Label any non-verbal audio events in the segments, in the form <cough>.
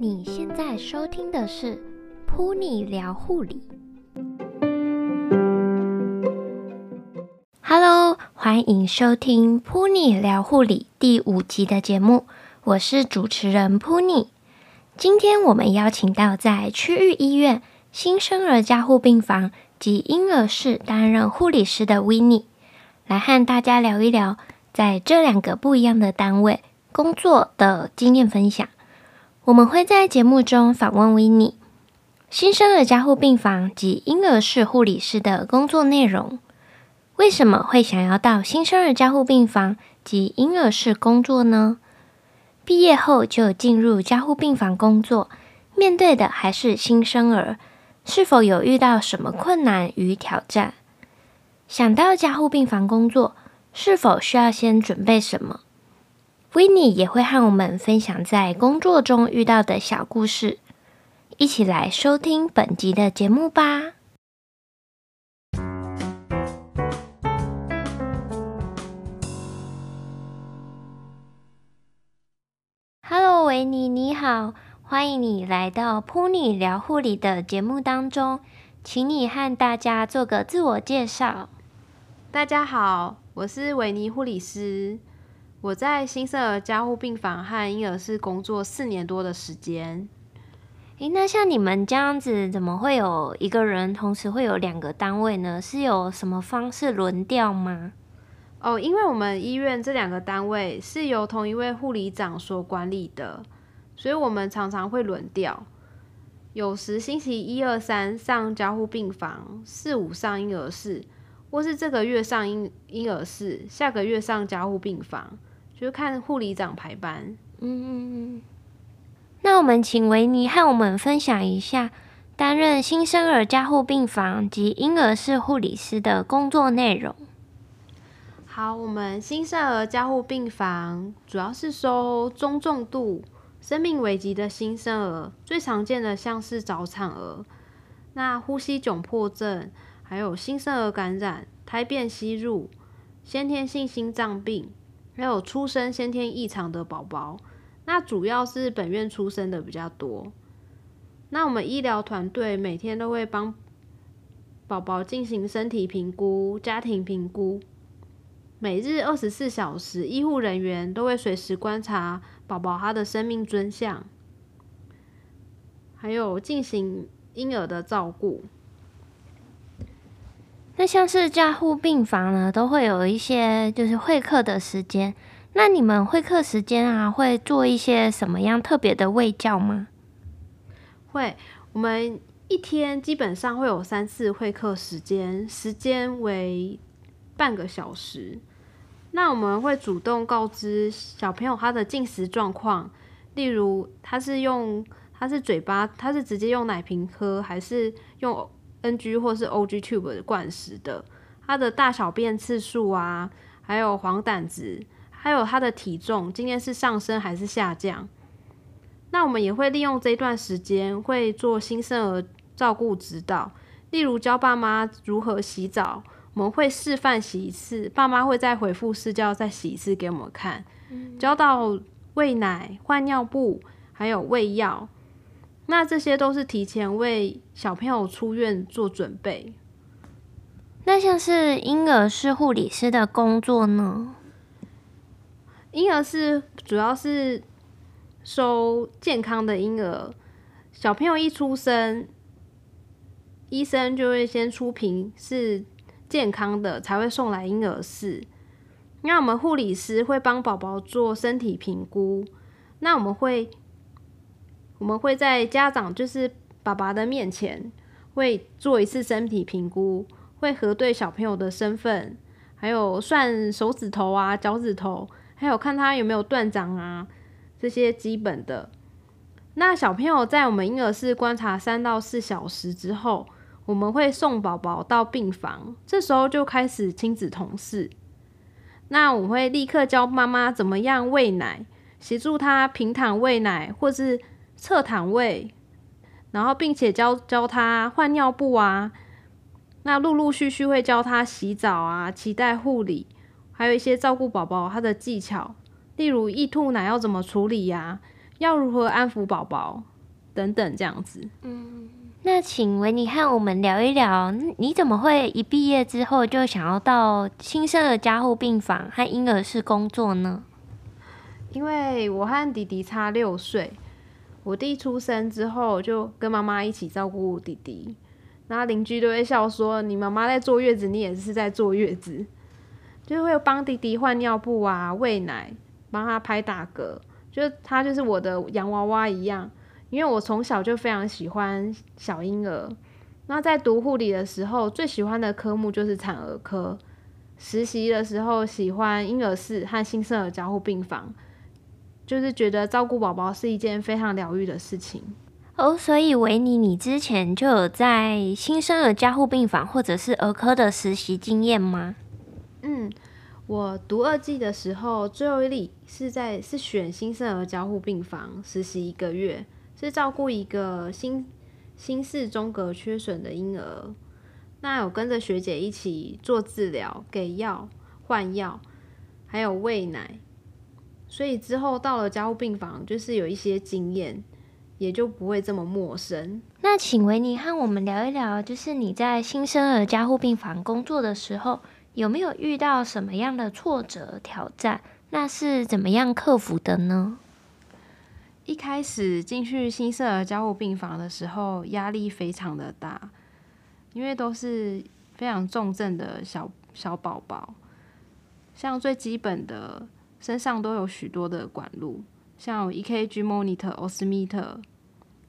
你現在收聽的是《Puni 聊護理》。Hello，歡迎收聽《Puni 聊護理》第五集的節目。我是主持人 Puni。今天我們邀請到在區域醫院新生兒加護病房及嬰兒室擔任護理師的 Winnie，來和大家聊一聊。在這兩個不一樣的單位工作的經驗分享，我們會在節目中訪問 Winnie，新生兒加護病房及嬰兒室護理師的工作內容。為什麼會想要到新生兒加護病房及嬰兒室工作呢？畢業後就進入加護病房工作，面對的還是新生兒，是否有遇到什麼困難與挑戰？想到加護病房工作。是否需要先準備什麼？Winnie 也會和我們分享在工作中遇到的小故事，一起來收聽本集的節目吧。Hello，Winnie，你好，歡迎你來到噗妮聊護理的節目當中，請你和大家做個自我介紹。大家好，我是維尼護理師。我在新生兒加護病房和嬰兒室工作四年多的時間。誒，那像你們這樣子，怎麼會有一個人同時會有兩個單位呢？是有什麼方式輪調嗎？哦，因為我們醫院這兩個單位是由同一位護理長所管理的，所以我們常常會輪調。有時星期一、二、三上加護病房，四、五上嬰兒室。或是這個月上嬰嬰兒室，下個月上加護病房，就看護理長排班。嗯嗯嗯。那我們請維尼和我們分享一下擔任新生兒加護病房及嬰兒室護理師的工作內容。好，我們新生兒加護病房主要是收中重度、生命危急的新生兒，最常見的像是早產兒，那呼吸窘迫症。還有新生兒感染、胎便吸入、先天性心臟病，還有出生先天異常的寶寶。那主要是本院出生的比較多。那我們醫療團隊每天都會幫寶寶進行身體評估、家庭評估，每日二十四小時醫護人員都會隨時觀察寶寶他的生命徵象，還有進行嬰兒的照顧。那像是加護病房呢，都會有一些就是會客的時間。那你們會客時間啊，會做一些什麼樣特別的衛教嗎？會，我們一天基本上會有三次會客時間，時間為半個小時。那我們會主動告知小朋友他的進食狀況，例如他是用，他是嘴巴，他是直接用奶瓶喝，還是用。NG 或是 OG tube 的灌食的。它的大小便次數啊，還有黃疸值，還有它的體重，今天是上升還是下降？那我們也會利用這段時間，會做新生兒照顧指導，例如教爸媽如何洗澡，我們會示範洗一次，爸媽會再回復示教再洗一次給我們看，教到餵奶、換尿布，還有餵藥。那這些都是提前為小朋友出院做準備。那像是嬰兒室護理師的工作呢？嬰兒室主要是收健康的嬰兒。小朋友一出生，醫生就會先出評，是健康的，才會送來嬰兒室。那我們護理師會幫寶寶做身體評估。那我們會。我們會在家長，就是爸爸的面前，會做一次身體評估，會核對小朋友的身份，還有算手指頭啊、腳趾頭，還有看他有沒有斷掌啊，這些基本的。那小朋友在我們嬰兒室觀察三到四小時之後，我們會送寶寶到病房，這時候就開始親子同室。那我們會立刻教媽媽怎麼樣餵奶，協助他平躺餵奶，或是。側躺位，然後並且教教他換尿布啊。那陸陸續續會教他洗澡啊、臍帶護理，還有一些照顧寶寶他的技巧，例如易吐奶要怎麼處理呀、啊，要如何安撫寶寶？等等這樣子。嗯，那請 Winnie 和我們聊一聊，你怎麼會一畢業之後就想要到新生兒加護病房和嬰兒室工作呢？因為我和弟弟差六歲。我弟出生之後就跟媽媽一起照顧弟弟，然後鄰居都會笑說，你媽媽在坐月子，你也是在坐月子，就會幫弟弟換尿布啊、餵奶、幫他拍打嗝，就他就是我的洋娃娃一樣。因為我從小就非常喜歡小嬰兒，那在讀護理的時候，最喜歡的科目就是產兒科，實習的時候喜歡嬰兒室和新生兒加護病房。就是覺得照顧寶寶是一件非常療癒的事情。哦，所以維尼，你之前就有在新生兒加護病房或者是兒科的實習經驗嗎？嗯，我讀二季的時候，最後一例是在是選新生兒加護病房實習一個月，是照顧一個心心室中隔缺損的嬰兒。那有跟着學姐一起做治療、給藥、換藥，還有餵奶。所以之後到了加護病房，就是有一些經驗，也就不會這麼陌生。那請維尼和我們聊一聊，就是你在新生兒加護病房工作的時候，有沒有遇到什麼樣的挫折挑戰？那是怎麼樣克服的呢？一開始進去新生兒加護病房的時候，壓力非常的大，因為都是非常重症的小小寶寶，像最基本的。身上都有許多的管路，像 EKG monitor、oximeter、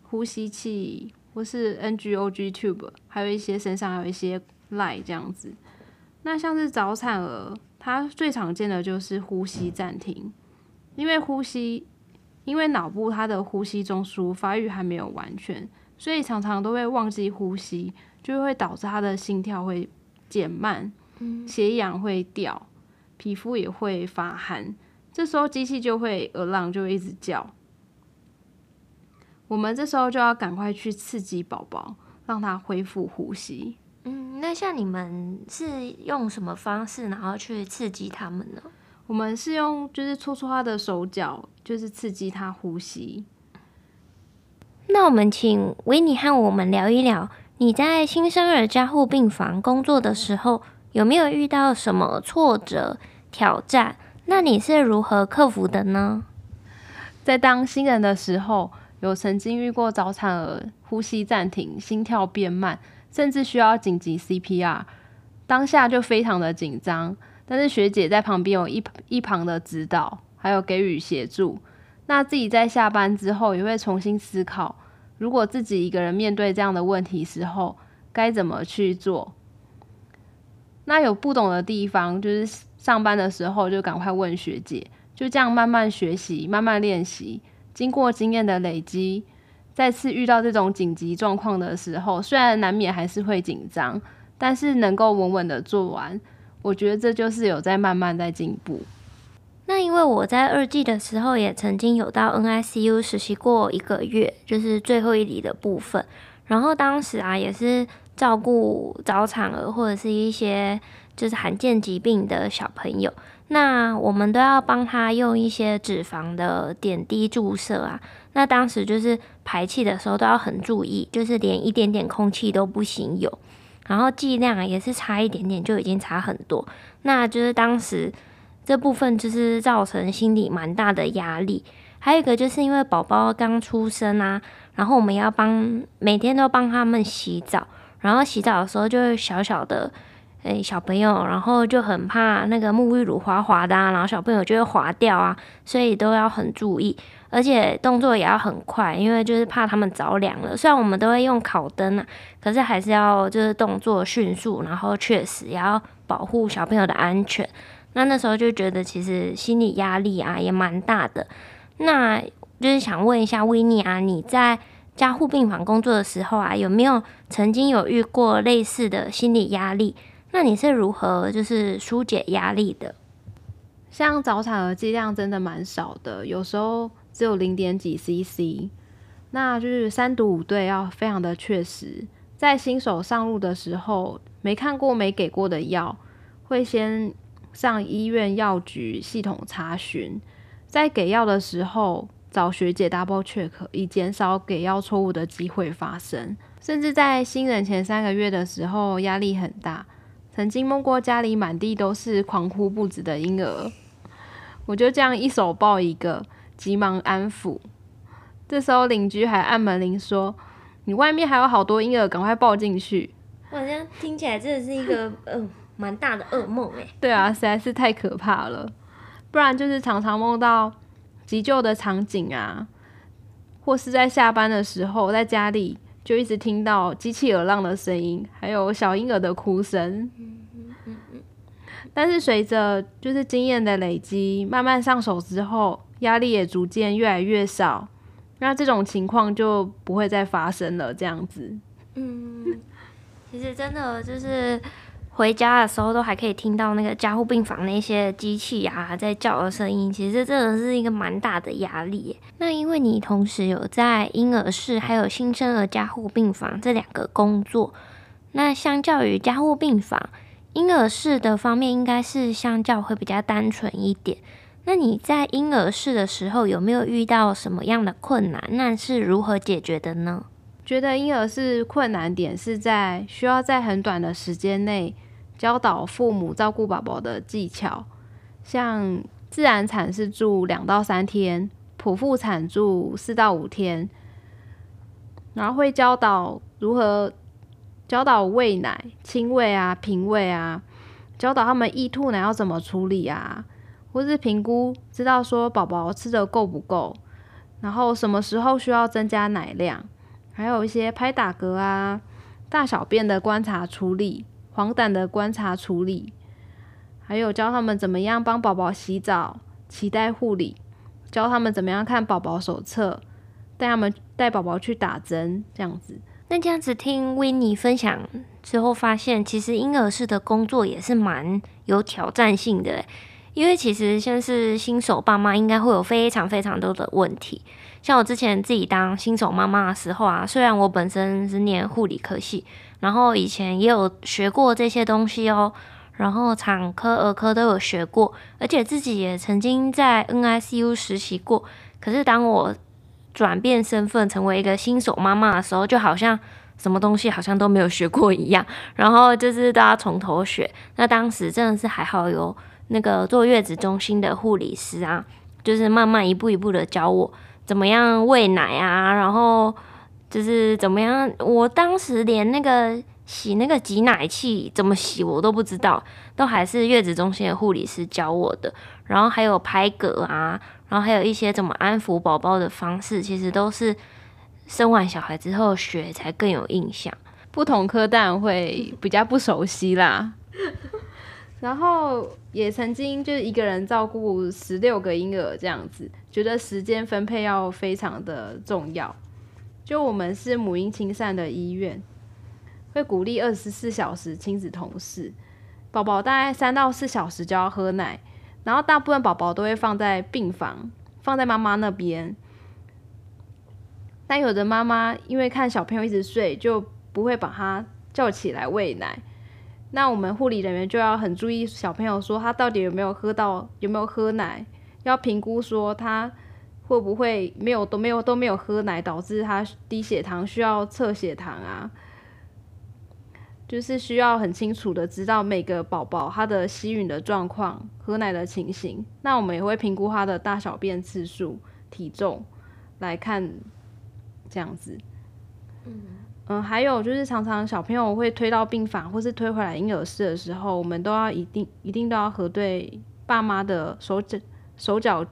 呼吸器，或是 NG OG tube，還有一些身上還有一些 line 這樣子。那像是早產兒，它最常見的就是呼吸暫停，因為呼吸，因為腦部它的呼吸中樞發育還沒有完全，所以常常都會忘記呼吸，就會導致他的心跳會減慢，血氧會掉。嗯皮膚也會發寒，這時候機器就會 alarm，就會一直叫。我們這時候就要趕快去刺激寶寶，讓他恢復呼吸。嗯，那像你們是用什麼方式，然後去刺激他們呢？我們是用就是搓搓他的手腳，就是刺激他呼吸。那我們請 Winnie 和我們聊一聊，你在新生兒加護病房工作的時候，有沒有遇到什麼挫折、挑戰？那你是如何克服的呢？在當新人的時候，有曾經遇過早產兒呼吸暫停、心跳變慢，甚至需要緊急 CPR，當下就非常的緊張。但是學姐在旁邊有一旁一旁的指導，還有給予協助。那自己在下班之後也會重新思考，如果自己一個人面對這樣的問題的時候，該怎麼去做？那有不懂的地方，就是上班的時候就趕快問學姐，就這樣慢慢學習、慢慢練習。經過經驗的累積，再次遇到這種緊急狀況的時候，雖然難免還是會緊張，但是能夠穩穩的做完，我覺得這就是有在慢慢在進步。那因為我在二技的時候也曾經有到 NICU 實習過一個月，就是最後一哩的部分。然後當時啊，也是。照顧早產兒或者是一些就是罕見疾病的小朋友，那我們都要幫他用一些脂肪的點滴注射啊。那當時就是排氣的時候都要很注意，就是連一點點空氣都不行有。然後劑量也是差一點點就已經差很多，那就是當時這部分就是造成心理蠻大的壓力。還有一個就是因為寶寶剛出生啊，然後我們要幫每天都幫他們洗澡。然後洗澡的時候就會小小的哎、欸、小朋友，然後就很怕那個沐浴乳滑滑，滑的、啊，然後小朋友就會滑掉啊，所以都要很注意，而且動作也要很快，因為就是怕他們着涼了。雖然我們都會用烤燈啊，可是還是要就是動作迅速，然後確實也要保護小朋友的安全。那那時候就覺得其實心理壓力啊也蠻大的。那就是想問一下 Winnie 啊，你在加護病房工作的時候啊，有沒有曾經有遇過類似的心理壓力？那你是如何就是疏解壓力的？像早產兒劑量真的蠻少的，有時候只有零點幾 CC，那就是三讀五對要非常的確實。在新手上路的時候，沒看過、沒給過的藥，會先上醫院藥局系統查詢，在給藥的時候，找學姐 double check，以減少給藥錯誤的機會發生。甚至在新人前三個月的時候，壓力很大，曾經夢過家裡滿地都是狂哭不止的嬰兒，我就這樣一手抱一個，急忙安撫。這時候鄰居還按門鈴說：“你外面還有好多嬰兒，趕快抱進去。”哇，這樣聽起來真的是一個嗯蠻、 <laughs> 呃、大的噩夢哎、欸。對啊，實在是太可怕了。不然就是常常夢到。急救的場景啊，或是在下班的時候，在家裡就一直聽到機器耳浪的聲音，還有小嬰兒的哭聲。嗯嗯嗯。但是隨着就是經驗的累積，慢慢上手之後，壓力也逐漸越來越少，那這種情況就不會再發生了。這樣子，嗯，其實真的就是。回家的時候都還可以聽到那個加護病房那些機器啊在叫的聲音，其實這真的是一個蠻大的壓力。那因為你同時有在嬰兒室還有新生兒加護病房這兩個工作，那相較於加護病房，嬰兒室的方面應該是相較會比較單純一點。那你在嬰兒室的時候有沒有遇到什麼樣的困難？那是如何解決的呢？覺得嬰兒室困難點是在需要在很短的時間內，教導父母照顧寶寶的技巧，像自然產是住兩到三天，剖腹產住四到五天，然後會教導如何教導餵奶，親餵啊、瓶餵啊，教導他們溢吐奶要怎麼處理啊，或是評估知道說寶寶吃得夠不夠，然後什麼時候需要增加奶量，還有一些拍打嗝啊、大小便的觀察處理。黃疸的觀察處理，還有教他們怎麼樣幫寶寶洗澡、臍帶護理，教他們怎麼樣看寶寶手冊，帶他們帶寶寶去打針，這樣子。那這樣子聽 Winnie 分享之後，發現其實嬰兒室的工作也是蠻有挑戰性的，因為其實現在是新手爸媽應該會有非常非常多的問題。像我之前自己當新手媽媽的時候啊，雖然我本身是念護理科系。然後以前也有學過這些東西哦，然後產科、兒科都有學過，而且自己也曾經在 NICU 實習過。可是當我轉變身份，成為一個新手媽媽的時候，就好像什麼東西好像都沒有學過一樣，然後就是大家從頭學。那當時真的是還好有那個坐月子中心的護理師啊，就是慢慢一步一步的教我怎麼樣餵奶啊，然後。就是怎麼樣？我當時連那個洗那個擠奶器怎麼洗我都不知道，都還是月子中心的護理師教我的。然後還有拍嗝啊，然後還有一些怎麼安撫寶寶的方式，其實都是生完小孩之後學才更有印象。不同科當然會比較不熟悉啦。 <laughs> 然後也曾經就是一個人照顧十六個嬰兒這樣子，覺得時間分配要非常的重要。就我們是母嬰親善的醫院，會鼓勵二十四小時親子同室。寶寶大概三到四小時就要喝奶，然後大部分寶寶都會放在病房，放在媽媽那邊。但有的媽媽因為看小朋友一直睡，就不會把他叫起來餵奶。那我們護理人員就要很注意小朋友，說他到底有沒有喝到，有沒有喝奶，要評估說他。會不會沒有都沒有都沒有喝奶導致他低血糖需要測血糖啊？就是需要很清楚的知道每個寶寶他的吸吮的狀況、喝奶的情形。那我們也會評估他的大小便次數、體重來看這樣子。嗯嗯，還有就是常常小朋友會推到病房或是推回來嬰兒室的時候，我們都要一定一定都要核對爸媽的手指手腳，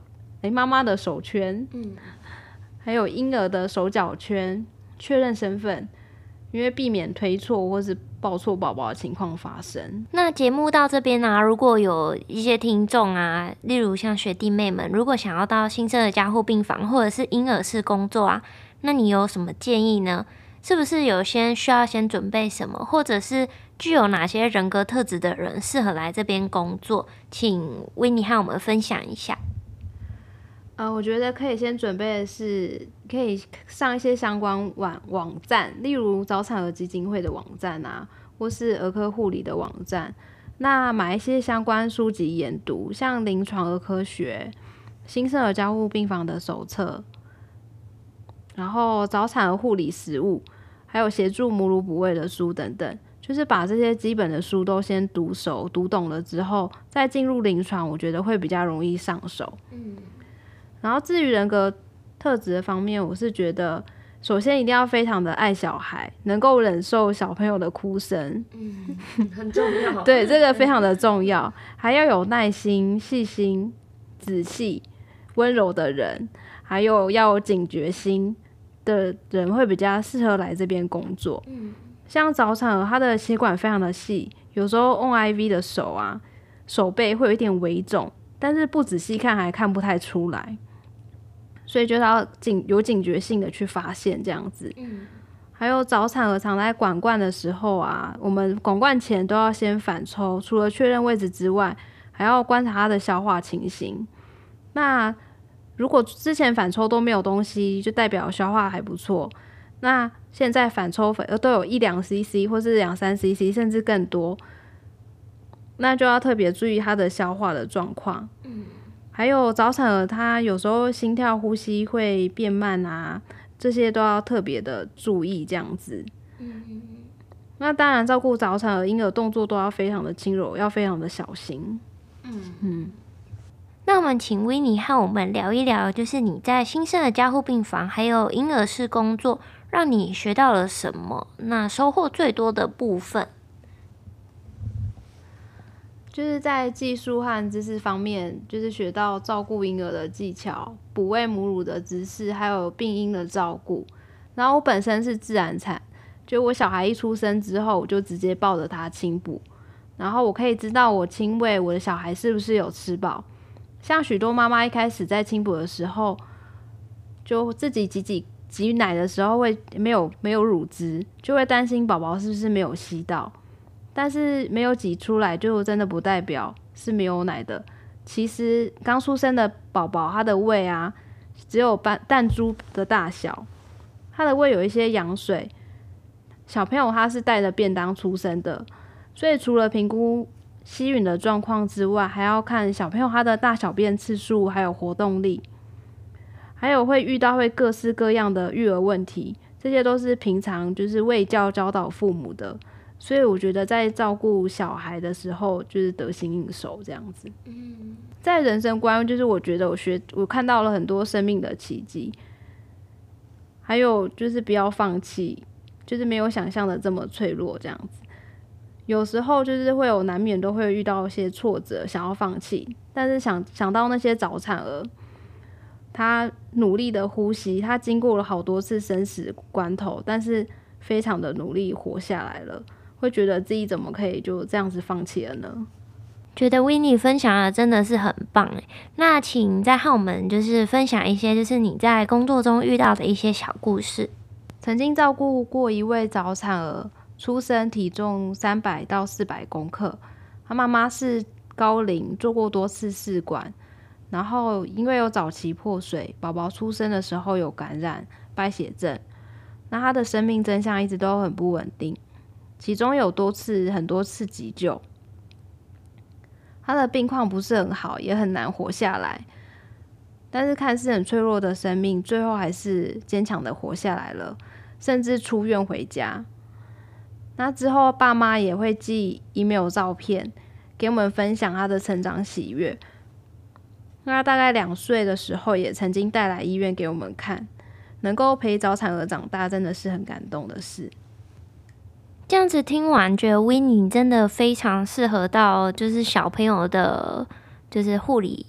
誒、欸，媽媽的手圈，嗯，還有嬰兒的手腳圈，確認身份，因為避免推錯或是抱錯寶寶的情況發生。那節目到這邊呢、啊，如果有一些聽眾啊，例如像學弟妹們，如果想要到新生兒加護病房或者是嬰兒室工作啊，那你有什麼建議呢？是不是有些需要先準備什麼，或者是具有哪些人格特質的人適合來這邊工作？請 Winnie 和我們分享一下。呃，我覺得可以先準備的是，可以上一些相關網網站，例如早產兒基金會的網站啊，或是兒科護理的網站。那買一些相關書籍研讀，像《臨床兒科學》《新生兒加護病房的手冊》，然後《早產兒護理實務》，還有協助母乳哺餵的書等等。就是把這些基本的書都先讀熟、讀懂了之後，再進入臨床，我覺得會比較容易上手。嗯。然後至於人格特質的方面，我是覺得，首先一定要非常的愛小孩，能夠忍受小朋友的哭聲，嗯，很重要。 <laughs> 對，這個非常的重要。還要有耐心、細心、仔細、溫柔的人，還有要有警覺心的人，會比較適合來這邊工作。嗯，像早產兒，他的血管非常的細，有時候 on I V on IV 的手啊，手背會有一點微腫，但是不仔細看還看不太出來。所以就是要警有警覺性的去發現這樣子，嗯、還有早產兒常在管灌的時候啊，我們管灌前都要先反抽，除了確認位置之外，還要觀察它的消化情形。那如果之前反抽都沒有東西，就代表消化還不錯。那現在反抽反而都有一兩 CC 或是兩三 CC，甚至更多，那就要特別注意它的消化的狀況。嗯還有早產兒，他有時候心跳、呼吸會變慢啊，這些都要特別的注意。這樣子，嗯，那當然，照顧早產兒嬰兒動作都要非常的輕柔，要非常的小心。嗯嗯，那我們請 Winnie 和我們聊一聊，就是你在新生兒加護病房還有嬰兒室工作，讓你學到了什麼？那收穫最多的部分。就是在技術和知識方面，就是學到照顧嬰兒的技巧、哺餵母乳的知識，還有病嬰的照顧。然後我本身是自然產，就我小孩一出生之後，我就直接抱着他親哺，然後我可以知道我親餵我的小孩是不是有吃飽。像許多媽媽一開始在親哺的時候，就自己擠擠擠奶的時候會沒有沒有乳汁，就會擔心寶寶是不是沒有吸到。但是沒有擠出來，就真的不代表是沒有奶的。其實剛出生的寶寶，他的胃啊，只有半彈珠的大小，他的胃有一些羊水。小朋友他是帶着便當出生的，所以除了評估吸吮的狀況之外，還要看小朋友他的大小便次數，還有活動力，還有會遇到會各式各樣的育兒問題，這些都是平常就是衛教教導父母的。所以我覺得在照顧小孩的時候就是得心應手這樣子。嗯，在人生觀就是我覺得我學我看到了很多生命的奇蹟，還有就是不要放棄，就是沒有想象的這麼脆弱這樣子。有時候就是會有難免都會遇到一些挫折，想要放棄，但是想想到那些早產兒，他努力的呼吸，他經過了好多次生死關頭，但是非常的努力活下來了。會覺得自己怎麼可以就這樣子放棄了呢？覺得 Winnie 分享的真的是很棒，欸、那請再和我們就是分享一些，就是你在工作中遇到的一些小故事。曾經照顧過一位早產兒，出生體重三百到四百公克，他媽媽是高齡，做過多次試管，然後因為有早期破水，寶寶出生的時候有感染敗血症，那他的生命徵象一直都很不穩定。其中有多次、很多次急救，他的病況不是很好，也很難活下來。但是看似很脆弱的生命，最後還是堅強的活下來了，甚至出院回家。那之後，爸媽也會寄 email 照片給我們分享他的成長喜悅。那他大概兩歲的時候，也曾經帶來醫院給我們看，能夠陪早產兒長大，真的是很感動的事。這樣子聽完，覺得 Winnie 真的非常適合到就是小朋友的，就是護理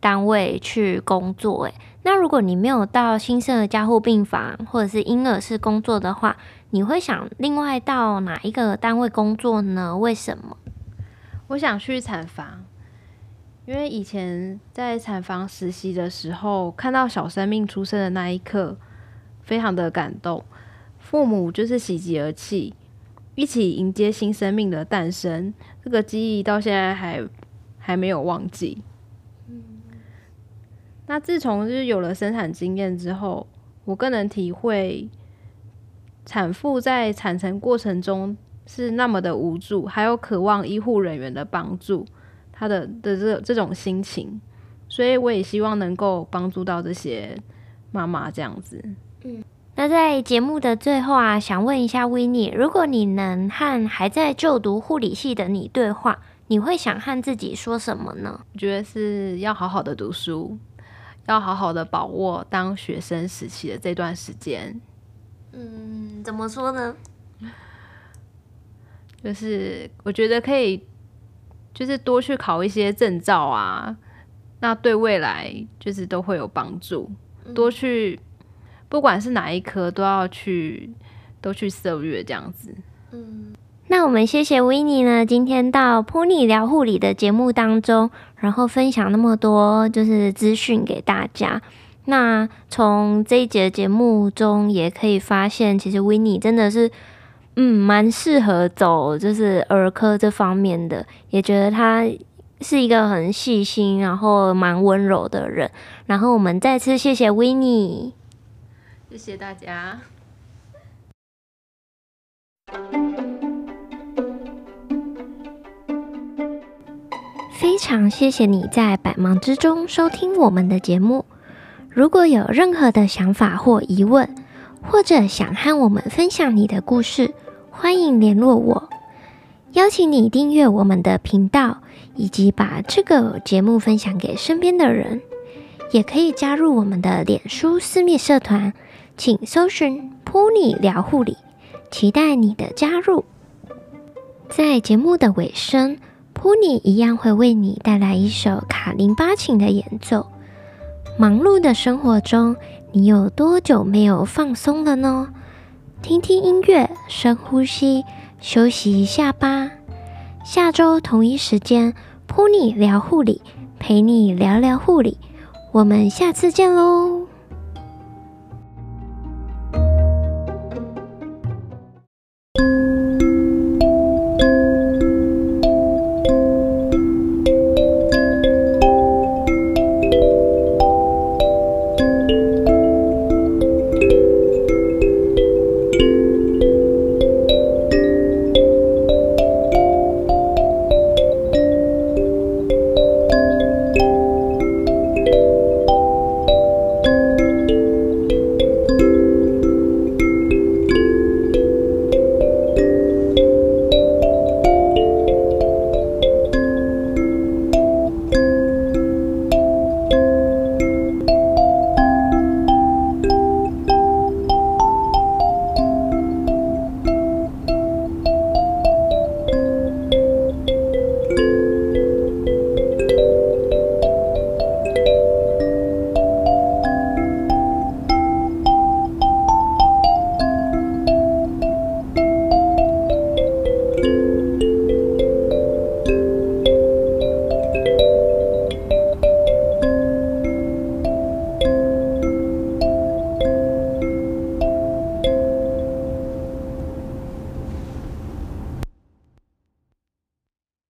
單位去工作。哎，那如果你沒有到新生兒加護病房或者是嬰兒室工作的話，你會想另外到哪一個單位工作呢？為什麼？我想去產房，因為以前在產房實習的時候，看到小生命出生的那一刻，非常的感動，父母就是喜極而泣。一起迎接新生命的誕生，這個記憶到現在還還沒有忘記。嗯、那自從就是有了生產經驗之後，我更能體會產婦在產程過程中是那麼的無助，還有渴望醫護人員的幫助，他的的這這種心情。所以我也希望能夠幫助到這些媽媽這樣子。那在節目的最後啊，想問一下 Winnie，如果你能和還在就讀護理系的你對話，你會想和自己說什麼呢？我覺得是要好好的讀書，要好好的把握當學生時期的這段時間。嗯，怎麼說呢？就是我覺得可以，就是多去考一些證照啊，那對未來就是都會有幫助。多去。不管是哪一科，都要去都去涉獵的。這樣子。嗯，那我們謝謝 Winnie 呢，今天到噗妮聊護理的節目當中，然後分享那麼多就是資訊給大家。那從這一集節目中，也可以發現，其實 Winnie 真的是嗯蠻適合走就是兒科這方面的。也覺得她是一個很細心，然後蠻溫柔的人。然後我們再次謝謝 Winnie。謝謝大家！非常謝謝你在百忙之中收聽我們的節目。如果有任何的想法或疑問，或者想和我們分享你的故事，歡迎聯絡我。邀請你訂閱我們的頻道，以及把這個節目分享給身邊的人。也可以加入我們的臉書私密社團。請搜尋噗妮聊護理，期待你的加入。在節目的尾聲，噗妮一樣會為你帶來一首卡林巴琴的演奏。忙碌的生活中，你有多久沒有放鬆了呢？聽聽音樂，深呼吸，休息一下吧。下周同一時間，噗妮聊護理，陪你聊聊護理。我們下次見嘍！